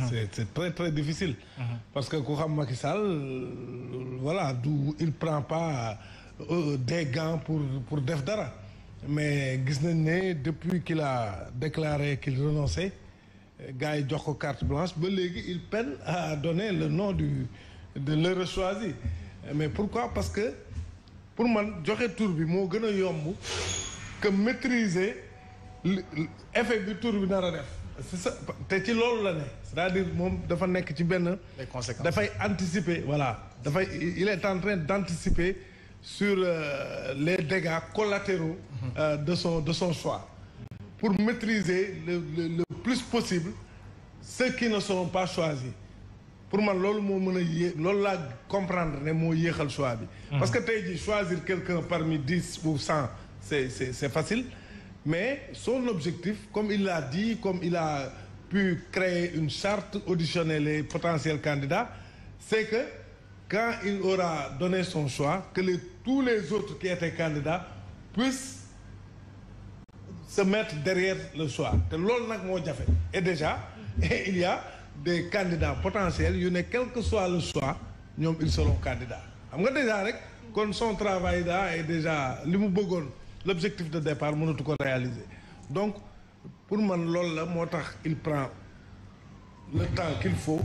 Mhm. c'est très très difficile. Mhm. parce que Kouham Makissal, voilà il il prend pas euh, des gants pour pour def dara mais Gisnene, depuis qu'il a déclaré qu'il renonçait gars yi carte blanche il peine à donner le nom de l'heure choisi mais pourquoi parce que pour moi, joxe Tourbi, que maîtriser l'effet du Tourbi c'est ça C'est ci la ne c'est-à-dire moom dafa nekk ci benn dafay anticiper voilà il est en train d'anticiper sur euh, les dégâts collatéraux mhm. euh, de son de son choix pour maîtriser le, le, le plus possible ceux qui ne seront pas choisis pour moi c'est ce mën a yé comprendre ne moo choix bi mhm. parce que tey dit choisir quelqu'un parmi dix ou cent c'est c'est facile mais son objectif, comme il l'a dit, comme il a pu créer une charte, auditionnelle les potentiels candidats, c'est que quand il aura donné son choix, que les, tous les autres qui étaient candidats puissent se mettre derrière le choix. Et déjà, il y a des candidats potentiels, il y a quel que soit le choix, ils seront candidats. Déjà, son travail là est déjà l'objectif de départ mënatu ko réaliser donc pour moi, loolu la il prend le temps qu'il faut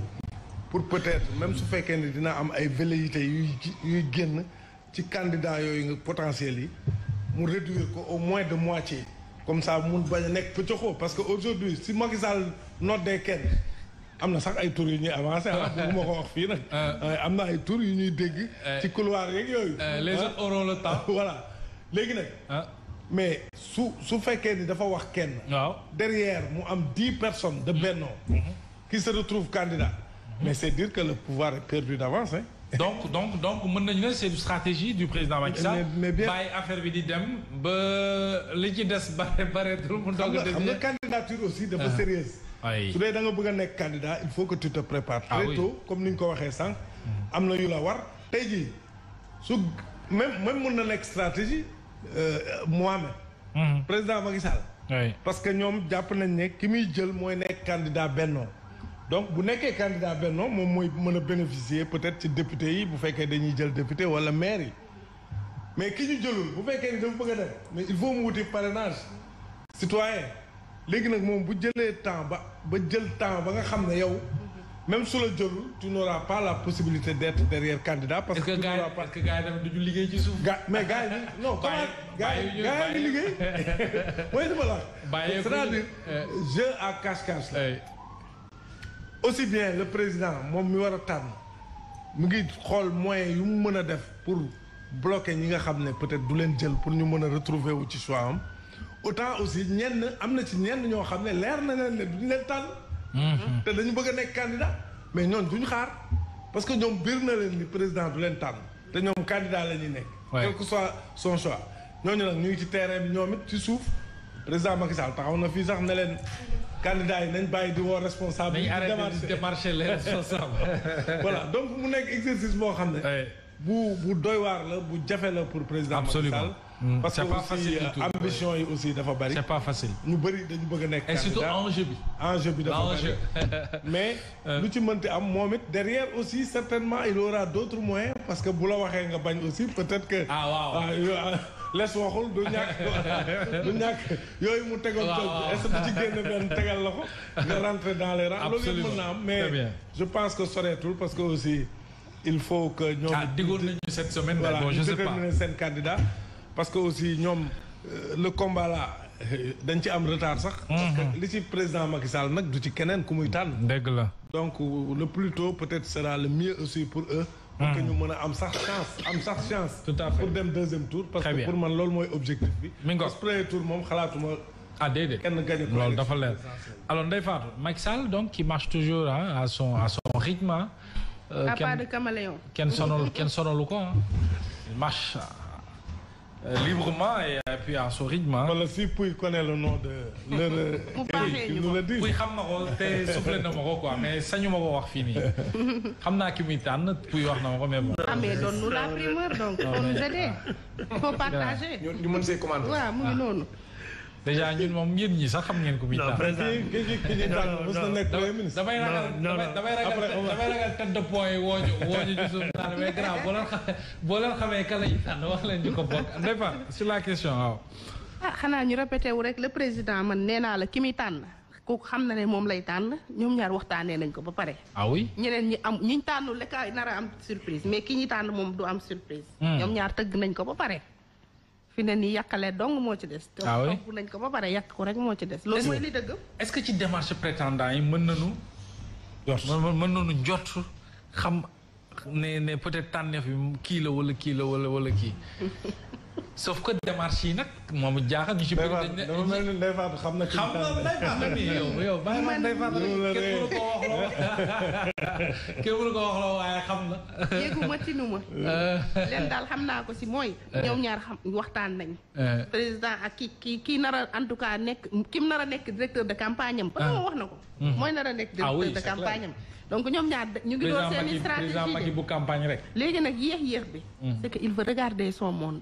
pour peut-être même su fait ne dina am ay velléités yuy yuy génn ci candidat yooyu nga potentiel yi réduire au moins de moitié comme ça mun bañ a nekk pëccaxoo parce qu'aujourd'hui, si moi, Sall note des am na sax ay tour yu ñuy avancé ah bëgguma wax fii nag euh, euh, am tour euh, couloir les ah. autres auront le temps voilà ah. mais sous su fekkee ni dafa wax kenn. derrière mu am 10 personnes. de Benno. Mm-hmm. qui se retrouvent candidats. Mm-hmm. mais c'est dire que le pouvoir est perdu d'avance hein. donc donc donc mën c'est une stratégie du président Macky Sall. mais bien bàyyi affaire bi di dem ba li ci des bare bareetul. mu doog a xam nga candidature aussi dafa ah. sérieuse su dee da nga bëgg a candidat il faut que tu te prépares. Ah très tôt comme ni ñu ko Amna sànq. Mm-hmm. am yu la war tey jii su même même mën na nekk stratégie. Euh, Mohamed. Mhm. président Macky parce que nous avons nañ que nous jël candidat Benno. donc vous candidat Benno, vous pouvez bénéficier peut-être député vous bu que dañuy jël député wala maire mairie mais ki ñu jëlul vous fekkee ni mais il faut que parrainage citoyen léegi vous avez bu temps ba ba le temps ba nga même sous le jëlul tu n'auras pas la possibilité d'être derrière candidat. parce que tu n'auras pas que gars mais gars non. gars gars c'est-à-dire euh. à cache-cache aussi bien le président mon mi pour bloquer peut-être pour retrouver autant aussi nous mhm. dañu bëgg a candidat mais ñoon duñ xaar parce que ñoom leen président du leen candidat quel que soit son choix Nous, nous ñu ci terrain bi ci président Macky taxaw na sax leen. candidat yi nañ di responsable. les voilà donc mu exercice boo xam bu bu doy la bu pour président Macky Mm. parce que aussi euh, ambition yi aussi dafa bari. c'est pas facile ñu bari dañu bëgg a nekk. et surtout enjeu bi. enjeu bi dafa bari mais. Euh. lu ci mënti am moom derrière aussi certainement il aura d'autres moyens parce que Boula la waxee nga bañ aussi peut-être que. ah waaw ah, ah, les waxul du ñak du ñak yooyu mu tégal ah, toog est-ce que tu ci génn benn tegal la ko nga rentrer dans les rangs mën na mais je pense que tout parce que aussi il faut que ñoom ah nañu cette semaine voilà bon je sais pas seen candidat parce que aussi ñom euh, le combat là euh, dañ ci am retard sax. Mhm. parce li ci président Macky Sall nak du ci Kenen, ku muy tànn. donc euh, le plus tôt peut-être sera le mieux aussi pour eux. pour que mhm. ñu mën am sax chance am sax chance. tout à fait pour dem deuxième tour. parce que pour man lool moy objectif bi. mi parce premier tour mom xalatuma ah déedéet kenn gagné ko dafa leer. alors Ndeye Fatou Macky Sall donc qui marche toujours hein, à son à son rythme. Hein, à part de caméléon. Qui sonol ken sonalu ko hein. Il marche. Euh, librement et, euh, puis à son rythme. Hein. Voilà, si vous connaît le nom de leur Eric, nous le dit. Oui, je sais, souffle na mako quoi, mais ça nous m'a wax fini. Xamna ki mi tan puy wax na mako même. Ah mais donne-nous la primeur donc, pour nous aider. Faut partager. Ñu mën sé commander. Ouais, mu ngi déjà ñun moom yéen ñi sax xam ngeen ko. muy tànn kii kii kii tànn mos nekk damay ragal damay ragal tête de poids yi woo ñu woo ñu ci suuf naan mais grand boo leen xamee boo leen tànn wax leen ñu ko bokk ndey fa la question waaw. ah xanaa ñu répété wu rek le président man nee naa la ki muy tànn kooku xam na ne moom lay tànn ñoom ñaar waxtaanee nañ ko ba pare. ah oui ñeneen ñi am ñu ñu tànnu ka nar a am surprise mais ki ñuy tànn moom du am surprise. Hmm. ñoom ñaar tëgg nañ ko ba pare. fi ne nii yàqale dong moo ci des. ah oui nañ ko ba pare yàq ko rek moo ci des. loolu mooy li dëgg. est-ce que ci démarche prétendent yi mën na nañu. jot mën nañu jot xam ne ne peut-être tànneef yi kii la wala kii la wala wala kii. sauf que démarche yi nag moom jaaxal ñu ci bëri dañ ne dafa mel ni Ndeye Fatou xam na. xam nga Ndeye ko wax ko wax loo waaye xam na. yéeguma tinuma euh. leen daal xam naa ko si mooy. Euh. ñoom ñaar xam waxtaan nañ euh. président ak ki ki kii nar a en tout cas nekk kim nar a nekk directeur de campagne am. ah oh, wax na ko. Mhm. mooy nar a nekk ah directeur de campagne am. donc ñoom ñaar ñu ngi doon seen i bu campagne rek. léegi nag yéex yéex bi. Mhm. c'est que il veut regarder son monde.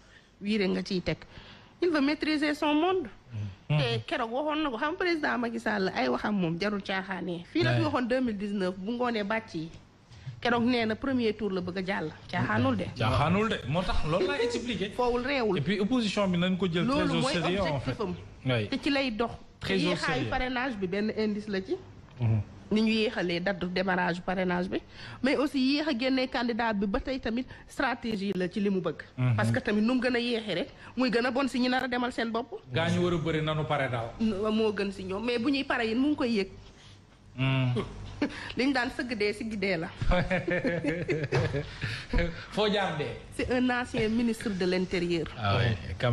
wiire nga ciy teg il veut maîtriser son monde mm-hmm. te keroog waxoon na ko xam président Macky Sall ay waxam moom jarul caaxaanee fii la fi 2019 bu ngoonee bàcc yi keroog nee na premier tour la bëgg a jàll caaxaanul de caaxaanul de moo tax loolu laa expliqué foowul réewul et puis opposition bi nañ ko jël très au sérieux en fait loolu mooy objectif am te ci lay dox te yéexaayu parrainage bi benn indice la ci mm-hmm. ni ñu yéexalee date démarage démarrage bi mais aussi yéex a génnee candidat bi ba tey tamit stratégie la ci li mu bëgg. Mhm. parce que tamit nu mu gën a yéexee rek muy gën a bon si ñu nar a demal seen bopp. gaa ñu war a bëri nanu pare daal. moo gën si ñoom mais bu ñuy pare yi mu ngi koy yëg. Mhm. li ñu daan sëgg dee si giddee la. foo jaar dee. c'est un ancien ministre de l'intérieur. ah oui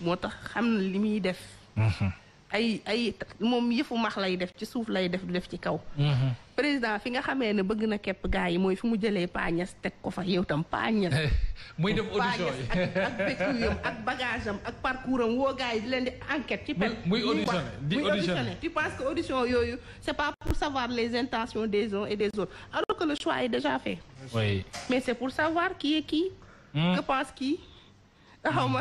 moo tax xam na li muy def. Mhm. ay ay moom yëfu max lay def ci suuf lay mhm. président fi nga xamee ne bëgg na képp gars yi mooy fi mu jëlee ko fa audition ak parcours enquête. tu penses que audition c'est pas pour savoir les intentions des uns et des autres alors que le choix est déjà fait. oui mais c'est pour savoir qui est qui. Hmm. que pense qui. xaw ma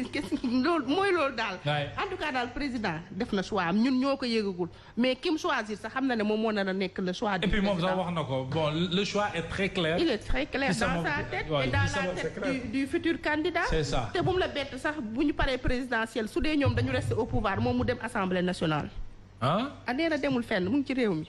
loolu mooy loolu daal. en tout cas daal président def na choix am ñun ñoo ko yëgagul mais kim choisir sax xam na ne moom moo nar a nekk le choix. du président et puis moom sax wax na ko bon le choix est très clair. il est très clair dans sa tête et dans la tête du futur candidat. te bu mu la bett sax bu ñu paree présidentielle su dee ñoom dañu rester au pouvoir moom mu dem assemblée nationale. a ah demul fenn mu ngi ci réew mi.